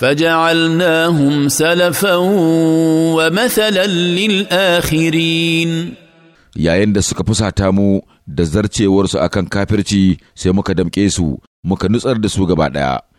فجعلناهم سلفا ومثلا للآخرين yayin da suka fusata mu da zarcewarsu akan kafirci sai muka damƙe su muka nutsar da su gaba ɗaya